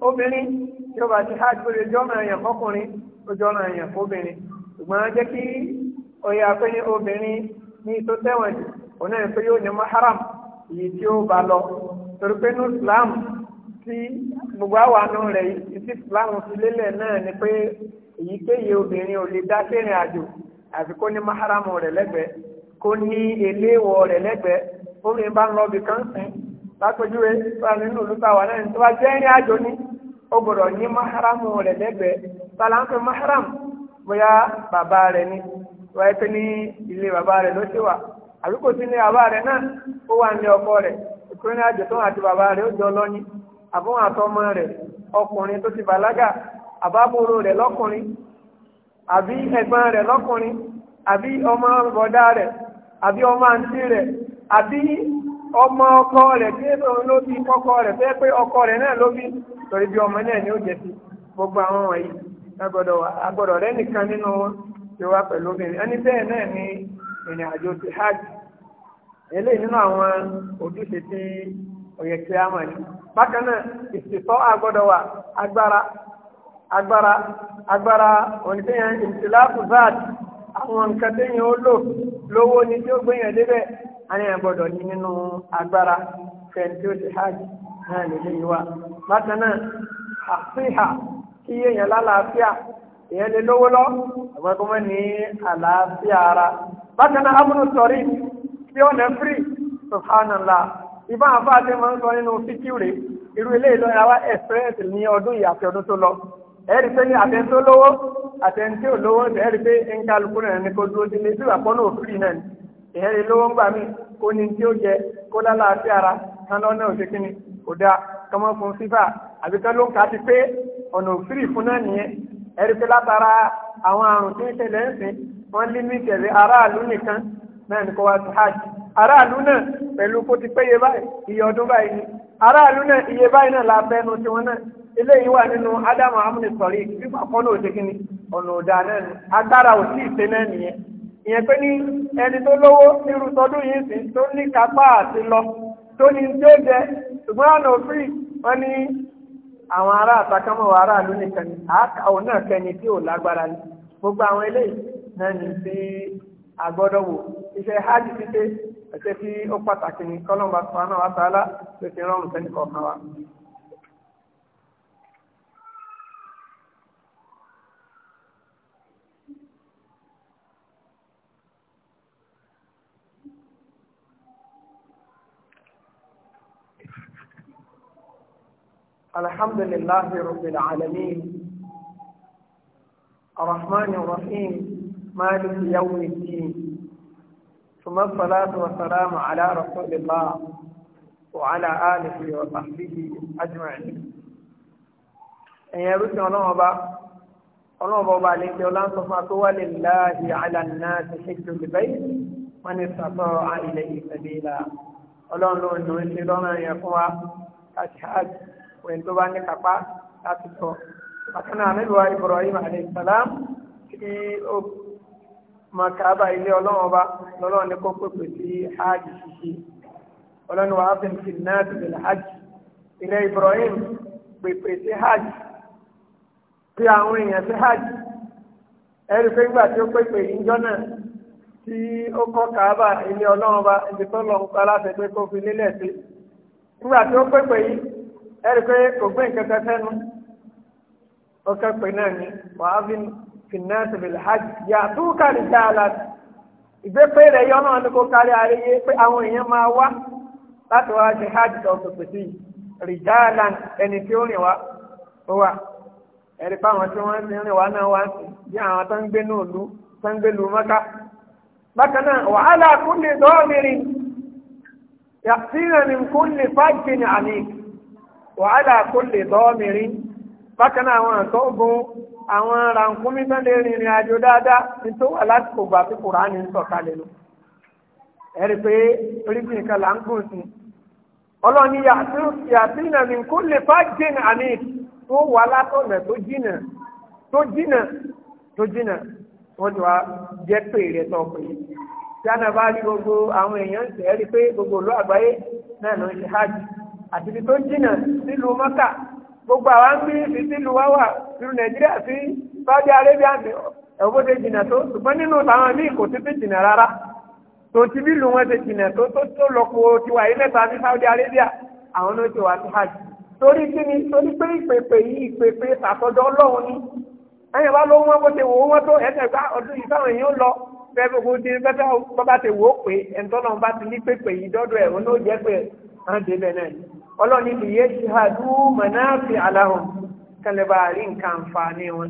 obìnrin tí ó bá ti hajj ó lè jọ́nà èèyàn fọkùnrin ó jọ́nà èèyàn fóbìnrin ṣùgbọ́n jẹ́ kí oyè apẹ́yẹ obìnrin ní tó tẹ̀wọ̀n jù òun náà pé yóò ní maharam èyí tí ó bá lọ torí pé ní Islam tí gbogbo àwọn àánú rẹ̀ yìí tí Islam fi lélẹ̀ náà ni pé èyíkéyìí obìnrin ò lè dá sẹ́rìn àjò àfi kó ní maharamu rẹ̀ lẹ́gbẹ̀ẹ́ kó ní eléwọ̀ rẹ̀ lẹ́gbẹ̀ẹ́ obìnrin bá ń lọ ibì kan sìn lápẹjúwe tó nínú olùkọ́ àwọn jẹ́ ìrìn àjò ní ó ní maharamu rẹ̀ lẹ́gbẹ̀ẹ́ ń maharamu bóyá bàbá ni wáyé pé ní ilé bàbá ló ṣe wà àbí kò sí ní bàbá náà ó wà ní ọkọ àjò tó àti bàbá ó jọ lọ ní àbúrò àtọmọ ọkùnrin tó ti bàlágà àbábòrò àbí ẹ̀gbọ́n rẹ̀ lọ́kùnrin àbí ọmọ bọ̀dá rẹ̀ àbí ọmọ àǹtí rẹ̀ àbí ọmọ ọkọ rẹ̀ tí ó ló bí ọkọ rẹ̀ fẹ́ pé ọkọ rẹ̀ náà ló bí torí bí ọmọ náà ni ó jẹ sí gbogbo àwọn wọ̀nyí rẹ̀ nìkan nínú wọn tí wá pẹ̀lú obìnrin ẹni bẹ́ẹ̀ náà ni ìrìn àjò ti hajj eléyìí nínú àwọn ojúṣe tí wà agbára Agbara agbara oníṣẹ́yàn ìtìláàfù zaad àwọn nǹkan téèyàn ó lò lówó ni tí ó gbéyàn débẹ̀ àníyàn gbọ́dọ̀ ní nínú agbára fẹ̀yìn tí ó ti hajj náà lè lè wá bákan náà àfihà kí èèyàn lálàáfíà èèyàn lè lówó lọ àwọn ní àlàáfíà ara bákan náà amúnú sọ̀rí tí ó nà fírì subhanallah ìbá àfáà tí wọ́n ń sọ nínú fíkìrì irú ilé ìlọ́yàwó express ní ọdún yìí àti ọdún tó lọ ẹ̀rí pé ní àtẹ̀ntó lówó àtẹ̀ntó lówó ẹ̀rí pé nkálukú náà ní kó dúró délé bí wàá pọ́nà òfìrí náà ìhẹ́rí lówó ń gbà mí kó ní tí ó jẹ kó lálá sí ara kánú ọ̀nà òṣè kínní kò dáa kọ́mọ́ fún fífà àbí kán ló ń ka ti pé ọ̀nà òfìrí fún náà nìyẹn ẹ̀rí pé látara àwọn àrùn tí ń ṣẹlẹ̀ ń sìn wọ́n lé ní tẹ̀lé aráàlú nìkan náà ní kó wá sí hajj aráàlú náà pẹ̀lú kó ti péye báyìí iye ọdún báyìí ni aráàlú náà iye báyìí náà la fẹ́nu tiwọn náà Ile wà nínú Adamu amúni sọ̀rí fífà fọ́nà òde kínní ọ̀nà ọ̀dà náà ni agbára ò tí ì náà nìyẹn ìyẹn pé ní ẹni tó lówó nírú yìí tó lọ tó ní tí ó jẹ ṣùgbọ́n àná òfin wọn ní àwọn ará nìkan ni àákàwọ̀ náà kẹni tí ni gbogbo àwọn eléyìí náà ní sí agbọ́dọ̀ wò hajj ti dé ẹ̀ṣẹ́ tí ó pàtàkì ní kọ́lọ́mbà sọ̀rọ̀ náà tó ti rọrùn sẹ́ni kọ̀ọ̀kan الحمد لله رب العالمين الرحمن الرحيم مالك يوم الدين ثم الصلاة والسلام على رسول الله وعلى آله وصحبه أجمعين ẹ̀yẹ rúṣin ọlọ́mọba ọlọ́mọba àlejò ọlánsọ́fà tó wà lè láàyè àlànà ti ṣètò ìbẹ́yì wọn ni sàtọ́ àìlẹ̀ ìfẹ̀lẹ́lá ọlọ́run ló ń lò ń ṣe lọ́rùn yẹn fún wa láti hajj fún ẹni tó bá ní kápá láti sọ bákan nílùú Ibrahim aleyhisalaam tí ó máa kábà ilé ọlọ́run ọba lọ́lọ́run ní kó pèpè sí hajj ṣíṣe ọlọ́run wàá fi fi náà ti bẹ̀rẹ̀ hajj ilé Ibrahim pèpè sí hajj pé àwọn èèyàn sí hajj ẹ̀rí pé ńgbà tí ó pèpè yìí jọ́ náà tí ó kọ́ kábà ilé ọlọ́run ọba ibi tó lọ́n pa láti pé kó fi lélẹ̀ sí nígbà tí ó pèpè yìí ẹ̀rí pé kò gbé nǹkan kan sẹ́nu ó kẹ́pẹ́ náà ni wàá fi fìnnẹ́sì bìlì hajj yàtú kàrí dáàlà ìgbépé rẹ̀ yọ náà ni kò kárí àríyé pé àwọn èèyàn máa wá láti wá ṣe hajj tó pèpè sí rìjáàlà ẹni tí ó rìn wá ó wà ẹ̀rí pé àwọn tí wọ́n ti rìn wá náà wá sí bí àwọn tó ń gbé ní òlu tó ń gbé lu mọ́ká bákan náà wàhálà kúnlẹ̀ dọ́ọ̀mìnrin yàtí náà ni fájì ní àníkì. wàhálà kó lè dọ́ọ̀mìrín bákan náà àwọn àtọ́ ogun àwọn rànkúnmí tán lè rìnrìn àjò dáadáa ní tó wà lásìkò gbà tí kùránì ń sọ̀kalẹ̀ lọ. ẹ rí i pé orígun nǹkan là ń gùn sí ọlọ́ni yàtínà ní kó lè fà jìnnà àmì tó wà látọ̀nà tó jìnnà tó jìnnà tó jìnnà wọ́n ti wá jẹ́ pé rẹ̀ tọ́ a bá rí gbogbo àwọn èèyàn ń tẹ̀ ẹ́ rí i pé gbogbo òlú àgbáyé náà ló àtìbí tó jìnnà sílùú mọ́kà gbogbo àwa ń bí fi sílùú wá wà irú nàìjíríà sí saudi arabia ẹ̀wọ́dé jìnnà tó ṣùgbọ́n nínú àwọn míì kò ti fi jìnnà rárá tó ti bí lu wọn ti jìnnà tó tó tó lọ́pọ̀ tiwa yìí mẹ́ta sí saudi arabia àwọn náà ti wà tó hajj torí kí ni torí pé ìpèpè yìí ìpèpè sàtọ́jọ́ ọlọ́run ni ẹ̀yìn bá ló wọ́n bó ti wò wọ́n tó ẹ̀sẹ̀ gbá ọdún yìí táwọn èèyàn lọ bẹ́ẹ̀ gbogbo ti bẹ́ẹ̀ bá ti wò ó pé ẹ̀ńtọ́nà bá ti ní pèpè yìí dọ́dọ̀ ẹ̀ wọn náà jẹ́ pé ẹ̀ bẹ́ẹ̀ náà ni ọlọ́ni ìyẹ́ ti ha dú mọ̀náàfi aláhùn kẹlẹ̀bà rí nǹkan àǹfààní wọn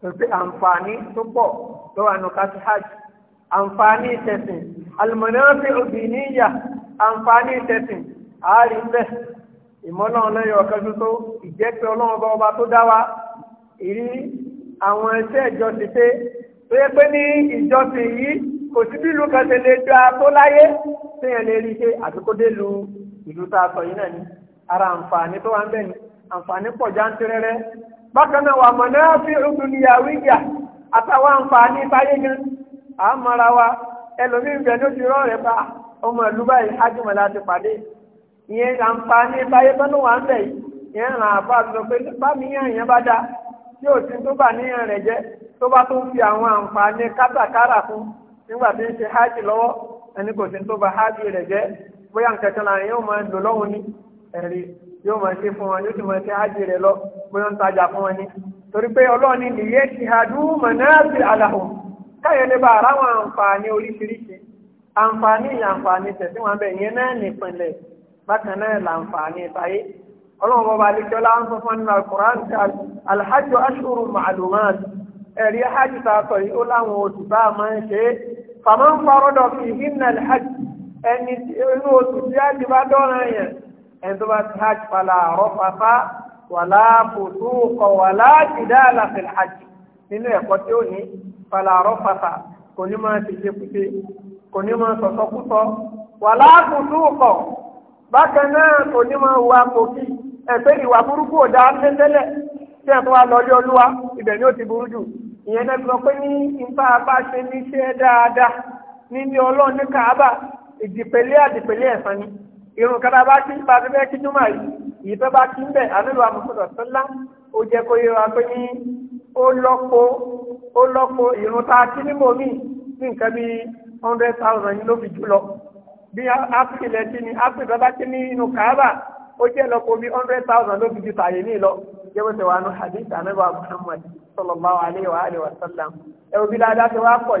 pẹ̀pẹ́ àǹfààní tó pọ̀ tó wà nùkà ti hajj àǹfààní tẹ̀sìn alùmọ̀náàfi òbíníyà àǹfààní tẹ̀sìn àárí mbẹ́ ìmọ̀nà ọlọ́yọ̀ ọ̀kẹ́jú tó ìjẹ́pẹ́ ọlọ́run bá ọba tó dá wa ìrí àwọn ẹṣẹ́ ìjọsìn pé tó yẹ pé ní ìjọsìn yìí kò sí bí ìlú kan lè dá tó láyé téèyàn lè rí ṣe àtúkọ́dé lu ìlú tá a sọ yìí náà ni ara àǹfààní tó wà ń bẹ̀ ni àǹfààní pọ̀ jántìrẹrẹ bákan náà wà mọ̀ náà fi ọdún ìyàwó ìjà àtàwọn àǹfààní báyé gan àmọ́ra wa ẹlòmíín bẹ̀ ló ti rọ́ọ̀rẹ́ bá ọmọ ìlú báyìí ájúmọ̀ láti pàdé ìyẹn àǹfààní tó wà ń bẹ̀ yìí ìyẹn ràn àbá sọ pé yàn yẹn bá dá tí ò sí tó bà níyàn rẹ̀ jẹ́ tó bá tó ń fi àwọn àǹfààní kátàkárà fún nígbà tí ń ṣe lọ́wọ́ ẹni kò sí tó bóyá nǹkan kan láàrin yóò máa lò lọ́hùn ní ẹ̀rí yóò máa ṣe fún wọn yóò sì máa ṣe ájì rẹ̀ lọ bóyá ń tajà fún wọn ní. torí pé ọlọ́ọ̀ni nìyẹn ti hadú mọ̀nààbì àlàhùn káyọ̀ lè bá ara wọn àǹfààní oríṣiríṣi àǹfààní àǹfààní tẹ̀sí wọn yẹn náà nìpínlẹ̀ bákan náà làǹfààní táyé ọlọ́run bọ́ba alikẹ́lá ń sọ nínú alukoran ti alhajj ashuru ma'lumat ẹ̀rí hajj tààtọ̀ yìí ó láwọn oṣù tá a máa ń ṣe fàmọ́ ń farọ́dọ̀ fi hinna alhajj ẹni inú oṣù tí ájì bá dọ́ran yẹn ẹni tó bá ti hajj fàlà àrọ́fàfà wàlá fusuqa wàlá jidala fil hajj nínú ẹ̀kọ́ tí ó ní fàlà àrọ́fàfà kò ní máa ti ṣe kúṣe kò ní máa sọ̀sọ́ kúsọ wàlá fusuqa bákan náà kò ní máa wà kòkí ẹ̀fẹ́ ìwà burúkú ò dá tẹ́tẹ́lẹ̀ tí ẹ̀tọ́ wa lọ́lé olúwa ibẹ̀ ni ó ti burú jù ìyẹn náà sọ pé ní ìfá bá ṣe níṣẹ́ dáadáa níbi ọlọ́run ní Káàbà ìdìpẹ̀lẹ́ àdìpẹ̀lẹ́ ẹ̀sán ni irun kata bá kí bá fẹ́ kí júmọ̀ yìí yìí fẹ́ bá kí ń bẹ̀ àdúrà àmọ́sọ̀tọ̀ sọ́lá ó jẹ́ kó yẹra pé ní ó lọ́pọ̀ ó lọ́pọ̀ irun tá a kí ní mòmí ní nǹkan bíi hundred thousand ló fi jù lọ bí áfíríkì lẹ́tí ni áfíríkì bá kí ní inú kàábà ó jẹ́ lọ́pọ̀ bíi hundred thousand ló fi ju tàyè ní lọ jẹ́wọ́ sẹ̀wá nù hadith anábà Muhammad sallallahu alayhi wa sallam ẹ̀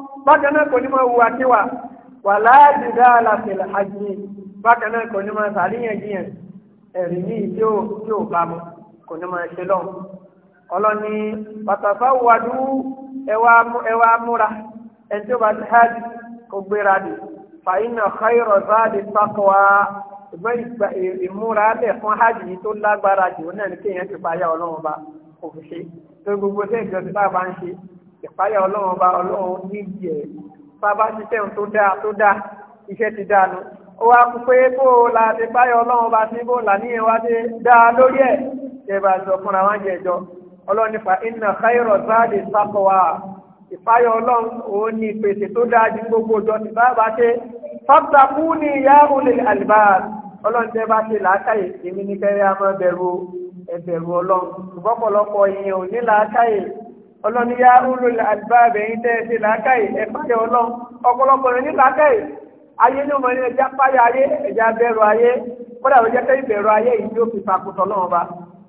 bákan náà kò ní máa wùwà kíwà wà láàdì dáàlà fìlà àjì bákan náà kò ní máa sàríyànjiyàn ẹ̀rí ní tí ó tí ó bá mu kò ní máa ṣe lọ́wọ́ ọlọ́ni pàtàkì wàdú ẹwà múra ẹni tí ó bá ti hajj kò gbéra dì fàyínà khayro záàdì takwa ìgbẹ́ ìmúra bẹ̀ fún hajj yìí tó lágbára jù náà ní kéèyàn ti payá ọlọ́run bá òfìṣe gbogbo ìpáyà ọlọ́run ọba ọlọ́run níbi ẹ̀ bàbá ṣiṣẹ́ tó dáa tó dáa iṣẹ́ ti dáa ó wá kú pé bó o la ti páyà ọlọ́run ọba sí bó o là níyẹn wá dé dáa lórí ẹ̀ ṣe bá jọ fúnra wọn jẹ jọ ọlọ́run nípa iná káyọ̀rọ̀ sáàdì sákọ̀wá ìpáyà ọlọ́run òun ní ìpèsè tó dáa ju gbogbo ọjọ́ ti bàbá ṣe fàtàkù ní ìyá olè àlìbáàdì ọlọ́run tẹ́ bá ṣe làákàyè èmi ní kẹ́rẹ́ á máa bẹ̀rù ọlọ́run ṣùgbọ́n pọ̀lọpọ̀ ò ní làákàyè ọlọ́ni yá rúlò àlùbáàbẹ̀ yín tẹ́ ẹ ṣe làákàyè ẹ páyà ọlọ́run ọ̀pọ̀lọpọ̀ rẹ̀ ní làákàyè ayé ní ọmọ ní ẹja páyà ayé ẹja bẹ̀rù ayé kódà ó jẹ́ pé ìbẹ̀rù ayé yìí yóò fi takùtọ̀ lọ́wọ́ ba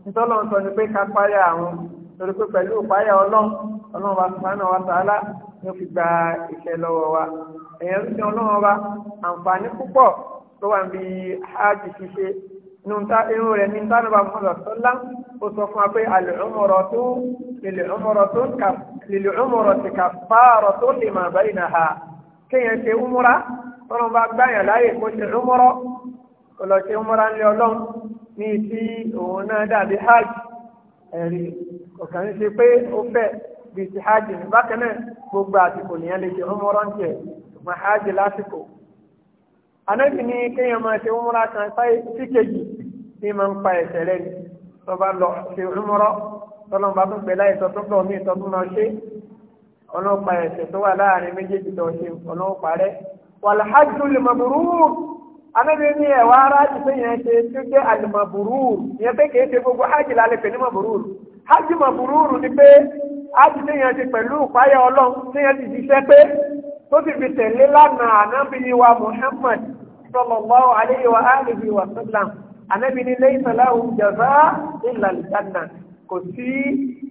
nítọ́lọ́run sọ ni pé ká páyà àwọn torí pé pẹ̀lú ìpáyà ọlọ́run ọlọ́run wa sàánà wa sàálà ní ó fi gba iṣẹ́ irun rẹ̀ ní tánàbà mọ́sà sọ́lá ó sọ fún wa pé àlùmọ̀rọ̀ tó lèlùmọ̀rọ̀ ti kà fáàrọ̀ tó lè máa báyìí náà ha kéèyàn ṣe umura tọ́nà bá gbáyàn láàyè kó ṣe umura ọlọ́ ṣe umura ńlẹ̀ ọlọ́run ní ti òun náà dàbí hajj ẹ̀rí ọ̀kan ṣe pé ó fẹ́ bíi ti hajj ní bákan náà gbogbo àsìkò nìyẹn lè ṣe umura ń tiẹ̀ ṣùgbọ́n hajj lásìkò. anábì ní kéèyàn máa ṣe umura kan sáyé sí ní máa ń pa ẹ̀ṣẹ̀ rẹ̀ ni tó bá lọ ṣe ńmọ́rọ́ tọ́lọ́n bá tún pè láì sọ tó pọ̀ mí tó tún lọ ṣe ọlọ́pàá ẹ̀ṣẹ̀ tó wà láàrin méjèèjì tó ṣe ọlọ́pàá rẹ̀ wàlhájú lìmọ̀bùrúùr anábì ní ẹ̀wà ara ti fi yẹn ṣe tí ó jẹ́ àlìmọ̀bùrúùr yẹn pé kìí ṣe gbogbo hajj lálẹ́ pè ní mọ̀bùrúùr hajj mọ̀bùrúùr ni pé hajj ti yẹn ti pẹ̀lú ìpáyà ọlọ́run tí yẹn ti Muhammad sallallahu alayhi wa ànábì ní lẹ́yìn sọ̀lá òun jàzá ìlà àlùjánnà kò sí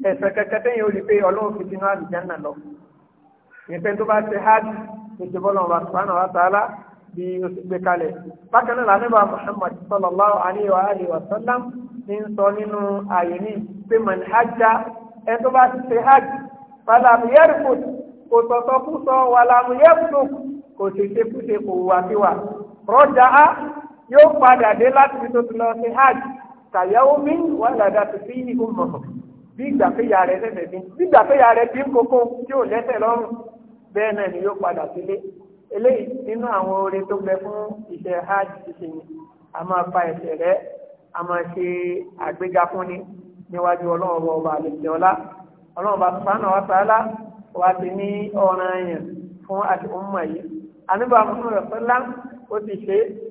ẹ̀sẹ̀ kẹkẹ tẹ́yìn olè pé ọlọ́run fi sínú àlùjánnà lọ ìpẹ́ tó bá ṣe hajj ìjọba ọlọ́run wa subhanahu wa ta'ala bí o ti gbé kalẹ̀ bákan náà lànà bá Muhammad sallallahu alayhi wa alihi wa sallam ní ń sọ nínú ààyè ní pé man hajja ẹ tó bá ṣe hajj falam yarfut kò sọ̀tọ̀ kú sọ walam yabtuk yóò padà dé láti fi tó ti lọ sí hajj tàyẹ̀wò mi wọ́n dàda tó fi ìhùn mọ̀mọ́ bí ìgbàpéyà rẹ̀ lẹ́sẹ̀ bí bí ìgbàpéyà rẹ̀ bí kókó tí ò lẹ́sẹ̀ lọ́rùn bẹ́ẹ̀ náà ni yóò padà sílé eléyìí nínú àwọn oore tó gbẹ fún iṣẹ́ hajj ṣíṣe ni a máa fa ẹ̀ṣẹ̀ rẹ̀ a máa ṣe àgbéga fún ni níwájú ọlọ́run ọba àlejò ọlá ọlọ́run ọba sùpánà wa sàálà wa ti ní ọ̀ràn yẹn fún àti ọmọ yìí àníbà rẹ̀ pẹ́lá ó ti ṣe é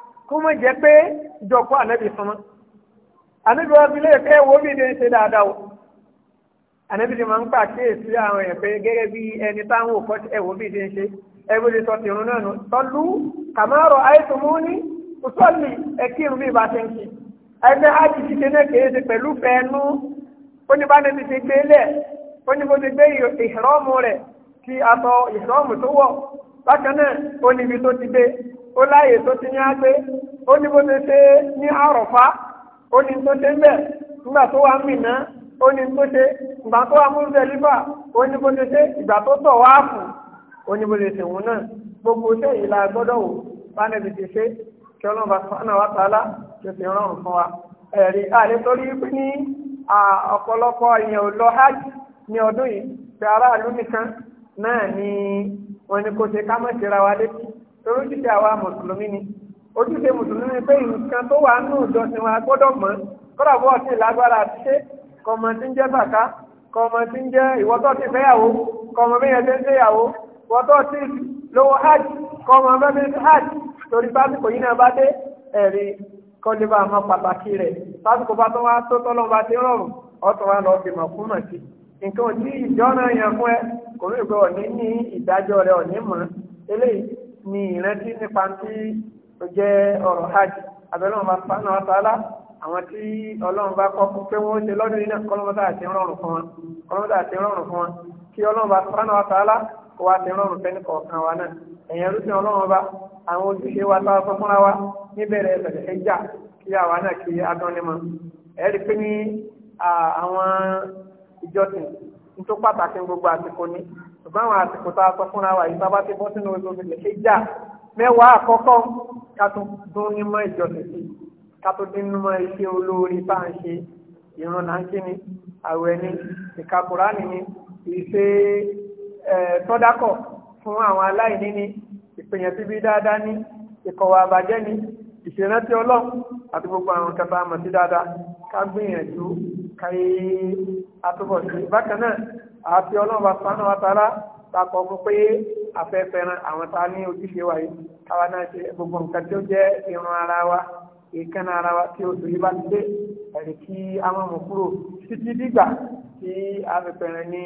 kó mọ̀ jẹ́ pé ìjọkọ́ ànábì sọmọ́ ànábì wọn fi lè fẹ́ wo bí ní ṣe dáadáa o ànábì ti máa ń pàkíyèsí àwọn èèyàn pé gẹ́gẹ́ bí ẹni táwọn òkọ́ ẹ̀ wo bí ní ṣe ẹbí ti sọ tìrún náà nù tọ́lú kàmáàrọ̀ àìsùnmúní òtọ́lì ẹ̀kírun bí ìbá ṣe ń kí ẹgbẹ́ ájì ti ṣe náà kìí ṣe pẹ̀lú fẹ́ẹ́nú ó ní ti ṣe gbé lẹ̀ ó ti gbé ìṣòrọ́mù rẹ̀ kí atọ ìṣòrọ́mù tó wọ̀ bákan náà ó tó ti gbé ó láàyè tó ti ní ágbé ó ní bó ṣe ṣe ní àrọ̀fá ó ní tó ṣe bẹ́ẹ̀ nígbà tó wà mìíná ó ní tó ṣe ìgbà tó wà múlùdẹ́lífà ó ní bó ṣe ṣe ìgbà tó tọ̀ wá fún ó ní bó ṣe gbogbo iṣẹ́ la gbọ́dọ̀ wò bánẹ́bí ti ṣe kí ọlọ́run sọ́nà wá tààlà kí o rọrùn fún wa ẹ̀rí àlẹ́ torí pé hajj ní ọdún yìí aráàlú nìkan torí ojúṣe àwa mùsùlùmí ni ojúṣe mùsùlùmí pé nǹkan tó wà wa gbọ́dọ̀ mọ̀ kọ́dà bọ́ ọtí lágbára àti ṣe kọ́mọ tí ń jẹ́ bàká kọ́mọ tí ń jẹ́ ìwọ́tọ́ ti fẹ́yàwó bí yẹn ti ti lówó hajj kọ́mọ bẹ́ẹ̀ hajj torí básìkò yìí náà bá dé ẹ̀rí kọ́lé bá pàtàkì rẹ̀ básìkò bá tó wá tó ní ìrètí nípa tí ó jẹ́ ọ̀rọ̀ hajj abẹ́lẹ́wọ̀n bá fa náà sálá àwọn tí ọlọ́run bá kọ́ fún pé wọ́n ṣe lọ́dún iná kọ́lọ́mọ́tà àti rọrùn fún wọn kọ́lọ́mọ́tà àti rọrùn fún wọn kí ọlọ́run bá fa náà kó wá ti rọrùn kọ̀ọ̀kan wa náà ẹ̀yẹn ọlọ́run wa tá a fúnra wa ṣùgbọ́n àwọn àsìkò tá a sọ fúnra wa yìí bábá ti bọ́ sínú olómi lè ṣe já mẹ́wàá àkọ́kọ́ ká tó dún ní ìjọsìn sí ká tó dín ní iṣẹ́ olóore bá ń ṣe ìrun náà kí ni àwẹ̀ ni ìka kùránì ni ìṣe tọ́dákọ̀ fún àwọn aláìní ni ìpèyàn síbi dáadáa ni ìkọ̀wà àbàjẹ́ ni ìṣèrántí ọlọ́run àti gbogbo àwọn kẹta àmọ̀ sí dáadáa ká gbìyànjú káyé àtúbọ̀ sí bákan náà àti ọlọ́ọ̀bà sánà àtàrà takọ̀ fún pé afẹ́fẹ́ràn àwọn tá a ní ojúṣe wa yìí káwa náà ṣe gbogbo nǹkan tí ó jẹ́ irun ara wa èékánná ara wa tí oṣù yìí bá ti dé ẹ̀rí kí a máa mú kúrò títí dìgbà tí afẹ́fẹ́ràn ní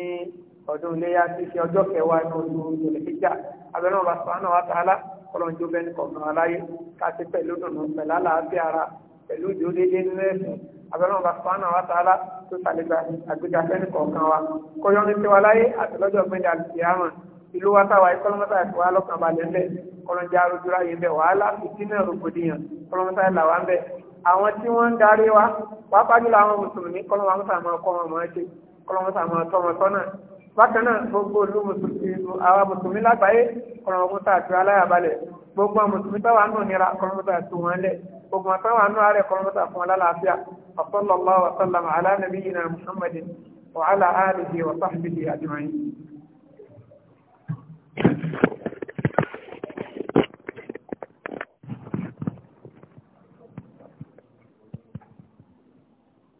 ọdún iléyà ti ṣe ọjọ́ kẹwàá ní oṣù ìjọlẹ̀kíjà abẹ́rẹ́ ọba sánà àtàrà kọlọ́njọ́ bẹ́ẹ̀ ní kọ̀ọ̀nà aláyé ká pẹ̀lú ìjó déédéé nínú ẹ̀sìn abẹ́rẹ́ ọba sùpánà wa tààlà tó sàlẹ̀gbà àgbéga fẹ́ni kọ̀ọ̀kan wa kọjọ́ ní tiwa láyé àtẹlọ́jọ́ gbẹ̀dẹ̀ àlùfíàmà ìlú wa táwa yìí kọ́lọ́mọ́tà ẹ̀fọ́ wa lọ́kàn balẹ̀ ńbẹ̀ kọ́lọ́njà arojúra yìí bẹ̀ wàhálà fìtínà rògbòdìyàn kọ́lọ́mọ́tà ẹ̀ làwa ńbẹ̀ àwọn tí wọ́n ń darí wa pàápàá jùlọ àwọn mùsùlùmí kọ́lọ́mọ́tà máa kọ́ wọn mọ́ ẹ́ ṣe kọ́lọ́mọ́tà máa tọ́ wọn tọ́nà bákan náà gbogbo olú àwa mùsùlùmí lágbàáyé kọ́lọ́mọ́tà àti aláyàbalẹ̀ gbogbo mùsùlùmí táwa ń nù nira ogun àtàwọn àánú ààrẹ kọlọmọta fún alálàáfíà sallallahu wa sallam ala nabiyyina muhammadin wa ala alihi wa sahbihi ajma'in